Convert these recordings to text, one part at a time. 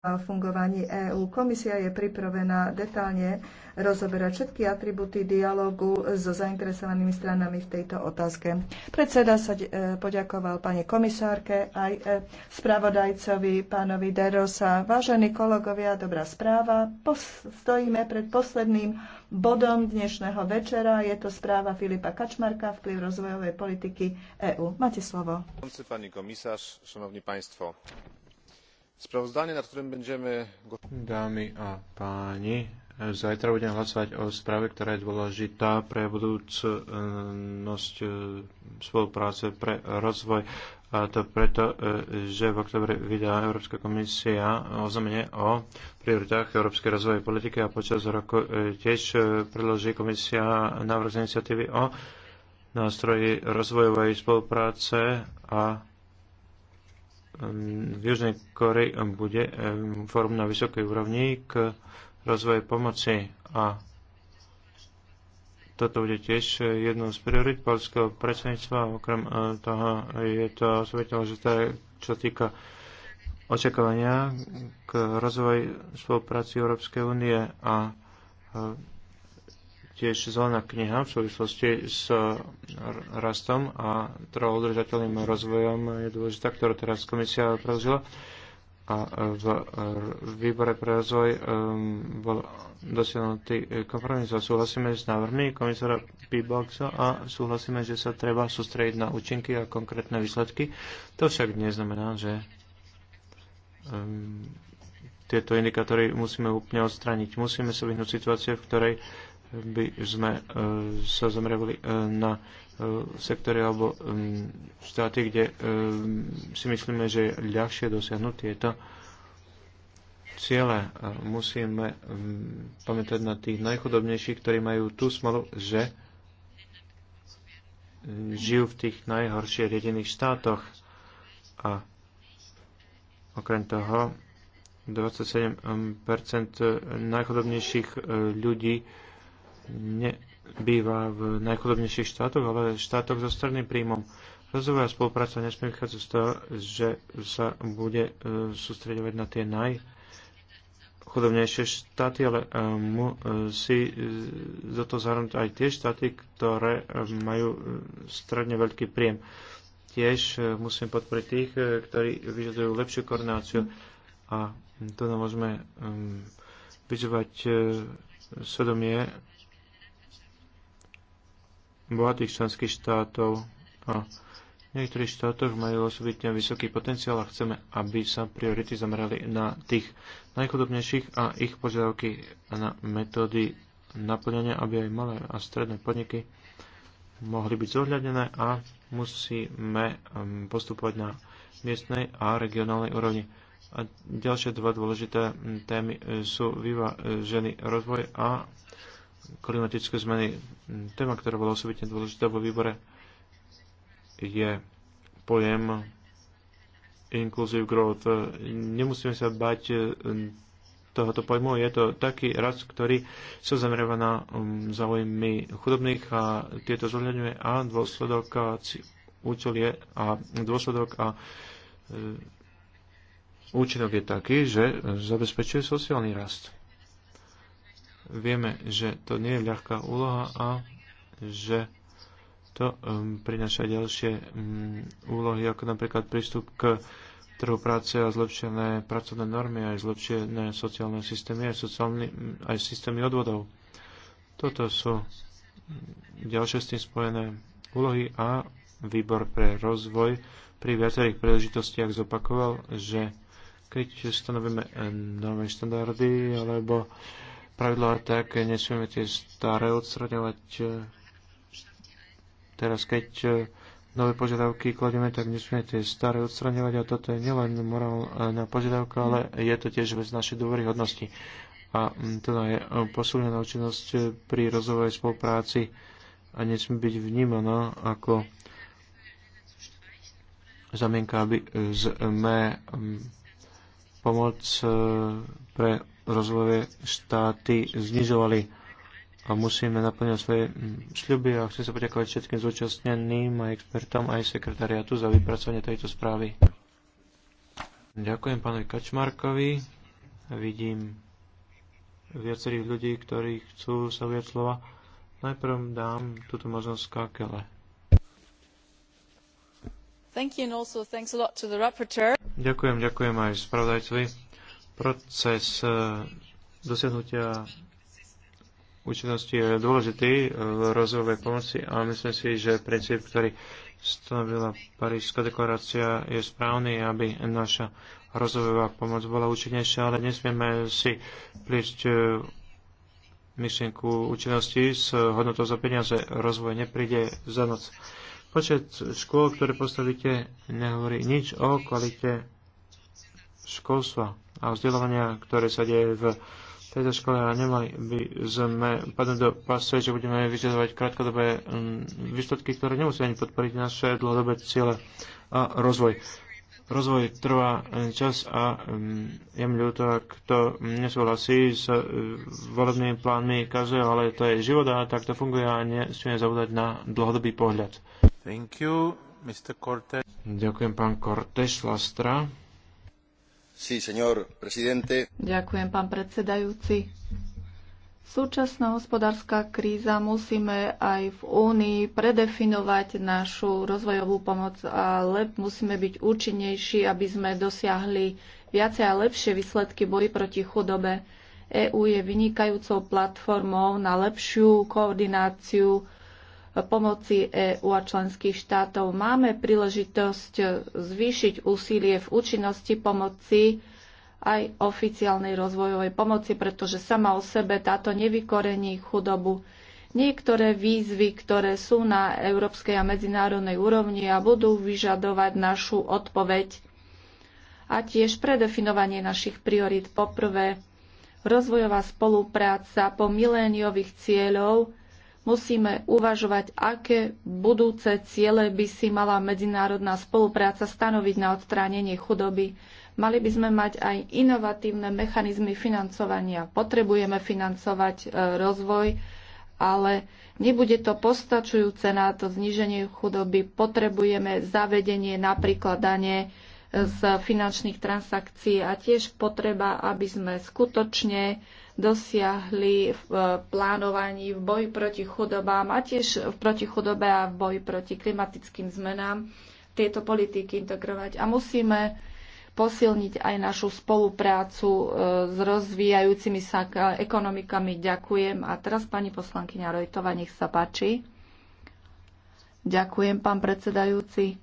fungovaní EÚ. Komisia je pripravená detálne rozoberať všetky atributy dialogu so zainteresovanými stranami v tejto otázke. Predseda sa e, poďakoval pani komisárke aj e, spravodajcovi pánovi Derosa. Vážení kolegovia, dobrá správa. Stojíme pred posledným bodom dnešného večera. Je to správa Filipa Kačmarka, vplyv rozvojovej politiky EÚ. Máte slovo. Pani komisár, šanovní państwo. Sprawozdanie, nad którym będziemy... Dámy a páni, zajtra budem hlasovať o správe, ktorá je dôležitá pre budúcnosť e, spolupráce pre rozvoj. A to preto, e, že v oktobre vydá Európska komisia oznámenie o prioritách európskej rozvojovej politiky a počas roku e, tiež predloží komisia návrh z iniciatívy o nástroji rozvojovej spolupráce a v Južnej Koreji bude fórum na vysokej úrovni k rozvoju pomoci a toto bude tiež jednou z priorit polského predsedníctva. Okrem e, toho je to osobiteľ, že to čo týka očakávania k rozvoju spolupráci Európskej únie a e, tiež zelená kniha v súvislosti s rastom a trvalo rozvojom je dôležitá, ktorú teraz komisia predložila. A v výbore pre rozvoj um, bol dosiahnutý kompromis a súhlasíme s návrhmi komisára Piboxa a súhlasíme, že sa treba sústrediť na účinky a konkrétne výsledky. To však neznamená, že um, tieto indikátory musíme úplne odstraniť. Musíme sa vyhnúť situácie, v ktorej by sme e, sa uh, na e, sektory alebo štáty, kde si myslíme, že je ľahšie dosiahnuť tieto ciele. Musíme pamätať na tých najchudobnejších, ktorí majú tú smolu, že žijú v tých najhoršie riedených štátoch. A okrem toho 27% najchudobnejších ľudí nebýva v najchudobnejších štátoch, ale v štátoch so stredným príjmom. Rozvojová spolupráca nesmie vychádzať z toho, že sa bude e, sústredovať na tie najchudobnejšie štáty, ale e, musí do e, toho zahrnúť aj tie štáty, ktoré majú stredne veľký príjem. Tiež musím podporiť tých, ktorí vyžadujú lepšiu koordináciu a to nám môžeme vyzvať svedomie bohatých členských štátov a v niektorých štátoch majú osobitne vysoký potenciál a chceme, aby sa priority zamerali na tých najchudobnejších a ich požiadavky na metódy naplňania, aby aj malé a stredné podniky mohli byť zohľadnené a musíme um, postupovať na miestnej a regionálnej úrovni. A ďalšie dva dôležité um, témy e, sú vyvážený e, rozvoj a klimatické zmeny. Téma, ktorá bola osobitne dôležitá vo výbore, je pojem inclusive growth. Nemusíme sa bať eh, tohoto pojmu. Je to taký rast, ktorý sa zameriava na mm, záujmy chudobných a tieto zohľadňuje a dôsledok a je a dôsledok a eh, účinok je taký, že zabezpečuje sociálny rast. Vieme, že to nie je ľahká úloha a že to um, prináša ďalšie um, úlohy, ako napríklad prístup k trhu práce a zlepšené pracovné normy, aj zlepšené sociálne systémy, aj, sociálny, aj systémy odvodov. Toto sú ďalšie s tým spojené úlohy a výbor pre rozvoj pri viacerých príležitostiach zopakoval, že keď stanovíme eh, nové štandardy alebo pravidlá, tak nesmieme tie staré odstraňovať. Teraz, keď eh, nové požiadavky kladieme, tak nesmieme tie staré odstraňovať a toto je nielen morálna požiadavka, ale je to tiež bez našej dôveryhodnosti. A teda je eh, posilnená účinnosť eh, pri rozvojovej spolupráci a nesmie byť vnímaná ako zamienka, aby sme mm, pomoc pre rozvojové štáty znižovali a musíme naplňať svoje mm, sľuby a chcem sa poďakovať všetkým zúčastneným a expertom aj sekretariatu za vypracovanie tejto správy. Ďakujem pánovi Kačmarkovi. Vidím viacerých ľudí, ktorí chcú sa ujať slova. Najprv dám túto možnosť Kakele. Ďakujem, ďakujem aj spravodajcovi Proces e, dosiahnutia účinnosti je dôležitý v rozvojovej pomoci a myslím si, že princíp, ktorý stanovila Parížská deklarácia, je správny, aby naša rozvojová pomoc bola účinnejšia, ale nesmieme si pliesť e, myšlienku účinnosti s hodnotou za peniaze. Rozvoj nepríde za noc. Počet škôl, ktoré postavíte, nehovorí nič o kvalite školstva a vzdelávania, ktoré sa deje v tejto škole a nemali by sme padnúť do pasce, že budeme vyžadovať krátkodobé mm, výsledky, ktoré nemusia ani podporiť naše dlhodobé ciele a rozvoj. Rozvoj trvá mm, čas a mm, je mi ľúto, ak to nesúhlasí s volebnými plánmi kazujem, ale to je život a tak to funguje a nesmieme zabúdať na dlhodobý pohľad. Thank you, Mr. Cortez. Ďakujem, pán Cortez Lastra. Ďakujem, pán predsedajúci. Súčasná hospodárska kríza musíme aj v Únii predefinovať našu rozvojovú pomoc a lep musíme byť účinnejší, aby sme dosiahli viacej a lepšie výsledky boji proti chudobe. EÚ je vynikajúcou platformou na lepšiu koordináciu pomoci EÚ a členských štátov. Máme príležitosť zvýšiť úsilie v účinnosti pomoci aj oficiálnej rozvojovej pomoci, pretože sama o sebe táto nevykorení chudobu. Niektoré výzvy, ktoré sú na európskej a medzinárodnej úrovni a budú vyžadovať našu odpoveď a tiež predefinovanie našich priorít. Poprvé, rozvojová spolupráca po miléniových cieľov musíme uvažovať, aké budúce ciele by si mala medzinárodná spolupráca stanoviť na odstránenie chudoby. Mali by sme mať aj inovatívne mechanizmy financovania. Potrebujeme financovať e, rozvoj, ale nebude to postačujúce na to zníženie chudoby. Potrebujeme zavedenie napríklad dane z finančných transakcií a tiež potreba, aby sme skutočne dosiahli v e, plánovaní v boji proti chudobám a tiež v proti chudobe a v boji proti klimatickým zmenám tieto politiky integrovať. A musíme posilniť aj našu spoluprácu e, s rozvíjajúcimi sa e, ekonomikami. Ďakujem. A teraz pani poslankyňa Rojtova, nech sa páči. Ďakujem, pán predsedajúci.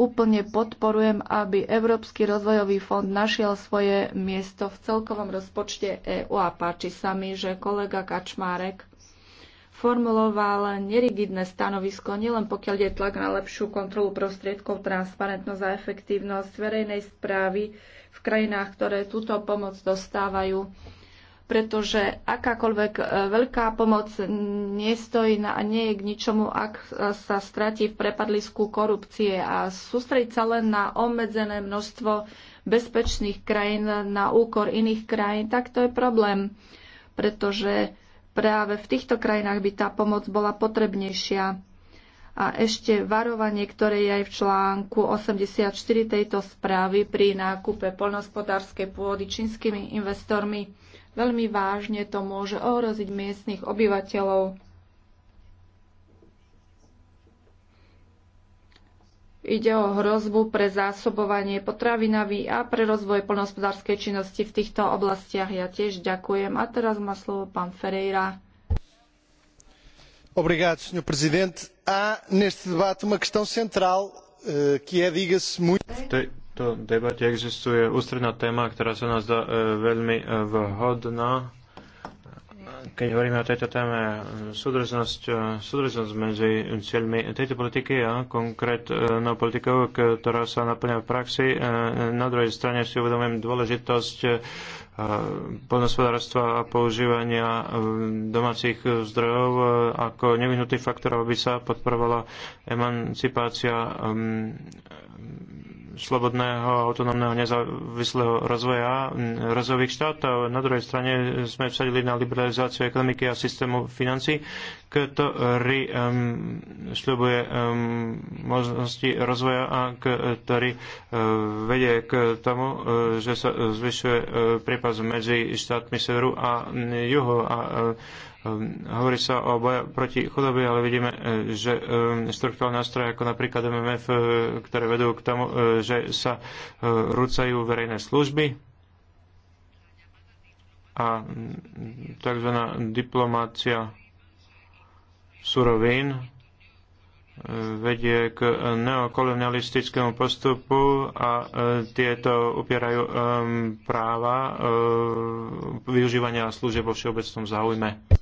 Úplne podporujem, aby Európsky rozvojový fond našiel svoje miesto v celkovom rozpočte EÚ a páči sa mi, že kolega Kačmárek formuloval nerigidné stanovisko, nielen pokiaľ je tlak na lepšiu kontrolu prostriedkov, transparentnosť a efektívnosť verejnej správy v krajinách, ktoré túto pomoc dostávajú pretože akákoľvek e, veľká pomoc nestojí a nie je k ničomu, ak e, sa stratí v prepadlisku korupcie a sústrediť sa len na obmedzené množstvo bezpečných krajín na úkor iných krajín, tak to je problém, pretože práve v týchto krajinách by tá pomoc bola potrebnejšia. A ešte varovanie, ktoré je aj v článku 84 tejto správy pri nákupe poľnohospodárskej pôdy čínskymi investormi Veľmi vážne to môže ohroziť miestnych obyvateľov. Ide o hrozbu pre zásobovanie potravinami a pre rozvoj plnohospodárskej činnosti v týchto oblastiach. Ja tiež ďakujem. A teraz má slovo pán Ferreira. Obrigado, Sr. Presidente. Há neste debate uma questão central, eh, que é, diga-se, muito tejto debate existuje ústredná téma, ktorá sa nás dá e, veľmi e, vhodná. Keď hovoríme o tejto téme, súdržnosť, e, súdržnosť medzi cieľmi tejto politiky a konkrétnou politikou, ktorá sa naplňa v praxi, na druhej strane si uvedomujem dôležitosť poľnohospodárstva a používania domácich zdrojov ako nevyhnutý faktor, aby sa podporovala emancipácia slobodného, autonómneho, nezávislého rozvoja rozvojových štátov. Na druhej strane sme vsadili na liberalizáciu ekonomiky a systému financí, ktorý um, sľubuje um, možnosti rozvoja a ktorý uh, vedie k tomu, uh, že sa zvyšuje uh, eh, prípas medzi štátmi severu a juhu a uh, Ehm, hovorí sa o boja proti chudobe, ale vidíme, e, že ehm, štruktúrne nástroje ako napríklad MMF, e, ktoré vedú k tomu, e, že sa rúcajú verejné služby, a mm, tzv. diplomácia surovín vedie k neokolonialistickému postupu a tieto upierajú ehm, práva využívania služieb vo všeobecnom záujme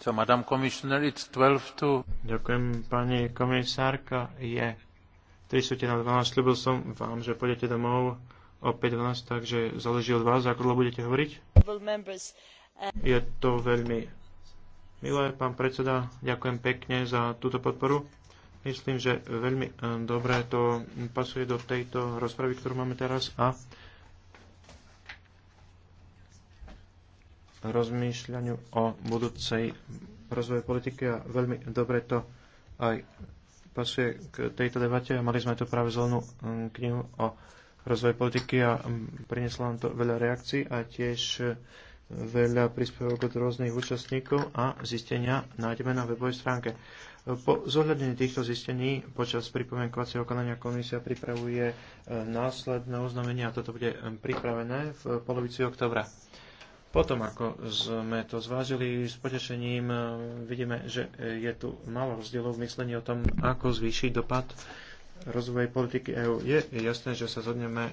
So, Madam Commissioner, it's 12 to... Ďakujem, pani komisárka. Je 300 na 12. Sľubil som vám, že pôjdete domov o 5.12, takže záleží od vás, ako dlho budete hovoriť. Je to veľmi milé, pán predseda. Ďakujem pekne za túto podporu. Myslím, že veľmi eh, dobre to pasuje do tejto rozpravy, ktorú máme teraz a rozmýšľaniu o budúcej rozvoje politiky a veľmi dobre to aj pasuje k tejto debate. Mali sme tu práve zelenú mm, knihu o rozvoje politiky a mm, prinieslo nám to veľa reakcií a tiež e, veľa príspevok od rôznych účastníkov a zistenia nájdeme na webovej stránke. Po zohľadení týchto zistení počas pripomienkovacieho konania komisia pripravuje e, následné oznámenie a toto bude e, pripravené v polovici oktobra. Potom, ako sme to zvážili s potešením, e, vidíme, že e, je tu málo rozdielov v myslení o tom, ako zvýšiť dopad rozvojej politiky EÚ. Je jasné, že sa zhodneme, e,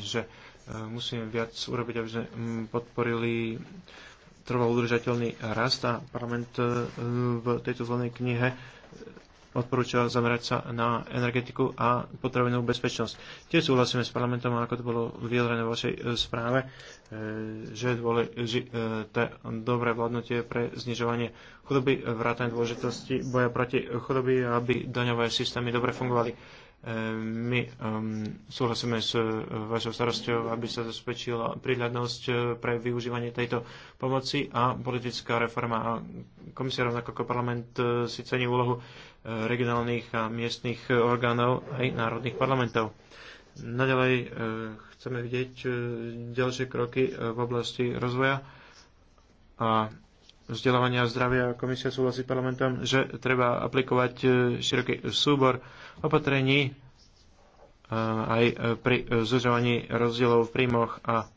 že musíme viac urobiť, aby sme podporili trvalo udržateľný rast a parlament v tejto zelenej knihe odporúča zamerať sa na energetiku a potravinovú bezpečnosť. Tiež súhlasíme s parlamentom, ako to bolo vyjadrené v vašej e, správe, e, že je dôležité dobré vládnutie pre znižovanie chudoby, vrátanie dôležitosti boja proti chudoby, aby daňové systémy dobre fungovali E, my um, súhlasíme s e, vašou starosťou, aby sa zabezpečila prihľadnosť e, pre využívanie tejto pomoci a politická reforma. A komisia rovnako ako parlament si cení úlohu regionálnych a miestnych orgánov aj národných parlamentov. Naďalej chceme vidieť ďalšie kroky v oblasti rozvoja a vzdelávania a zdravia komisia súhlasí parlamentom, že treba aplikovať e, široký súbor opatrení e, aj pri zužovaní rozdielov v príjmoch a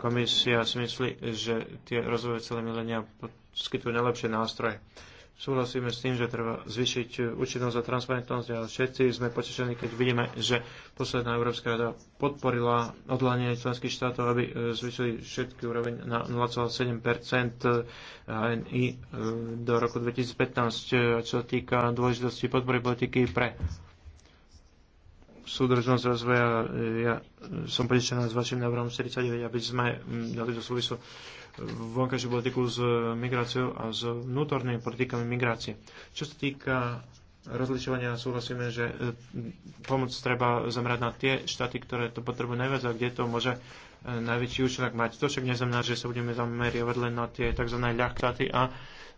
komisia si myslí, že tie rozvojové celé milenia poskytujú najlepšie nástroje súhlasíme s tým, že treba zvyšiť účinnosť a transparentnosť a všetci sme potešení, keď vidíme, že posledná Európska rada podporila odhľadanie členských štátov, aby e, zvyšili všetky úroveň na 0,7 HNI e, do roku 2015, e, čo sa týka dôležitosti podpory politiky pre súdržnosť rozvoja. Ja som potešená s vašim návrhom 49, aby sme mm, dali do súvislosti vonkajšiu politiku s eh, migráciou a s vnútornými politikami migrácie. Čo sa týka rozlišovania súhlasíme, že eh, pomoc treba zamerať na tie štáty, ktoré to potrebujú najviac a kde to môže eh, najväčší účinok mať. To však neznamená, že sa budeme zameriavať len na tie tzv. štáty a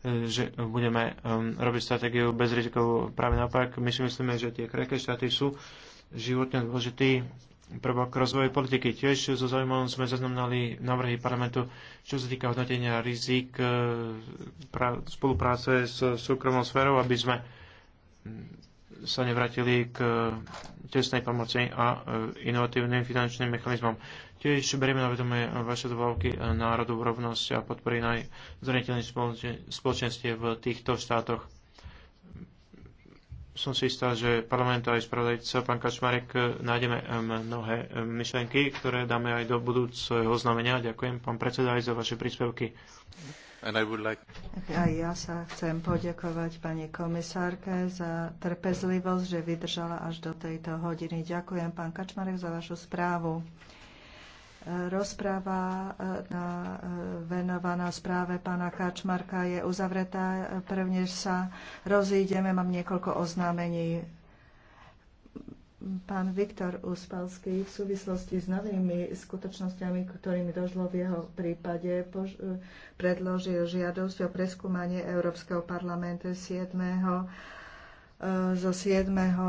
že budeme ehm, robiť stratégiu bez rizikov. Práve naopak, my si myslíme, že tie krehké štáty sú životne dôležitý prvok rozvojovej politiky. Tiež so zaujímavom sme zaznamenali návrhy parlamentu, čo sa týka hodnotenia rizik e, spolupráce s súkromnou sférou, aby sme sa nevrátili k tesnej pomoci a e, inovatívnym finančným mechanizmom. Tiež berieme na vedomie vaše dovolky e, národu rovnosť a podpory najzraniteľných spoločenstiev v týchto štátoch som si istá, že parlament aj spravodajca, pán Kačmarek, nájdeme eh, mnohé eh, myšlenky, ktoré dáme aj do budúceho znamenia. Ďakujem, pán predseda, aj za vaše príspevky. And I would like... A ja sa chcem poďakovať pani komisárke za trpezlivosť, že vydržala až do tejto hodiny. Ďakujem, pán Kačmarek, za vašu správu. Rozpráva e, na, e, venovaná správe pána Kačmarka je uzavretá. Prvne sa rozídeme, mám niekoľko oznámení. Pán Viktor Uspalský v súvislosti s novými skutočnosťami, ktorými došlo v jeho prípade, e, predložil žiadosť o preskúmanie Európskeho parlamentu 7. zo 7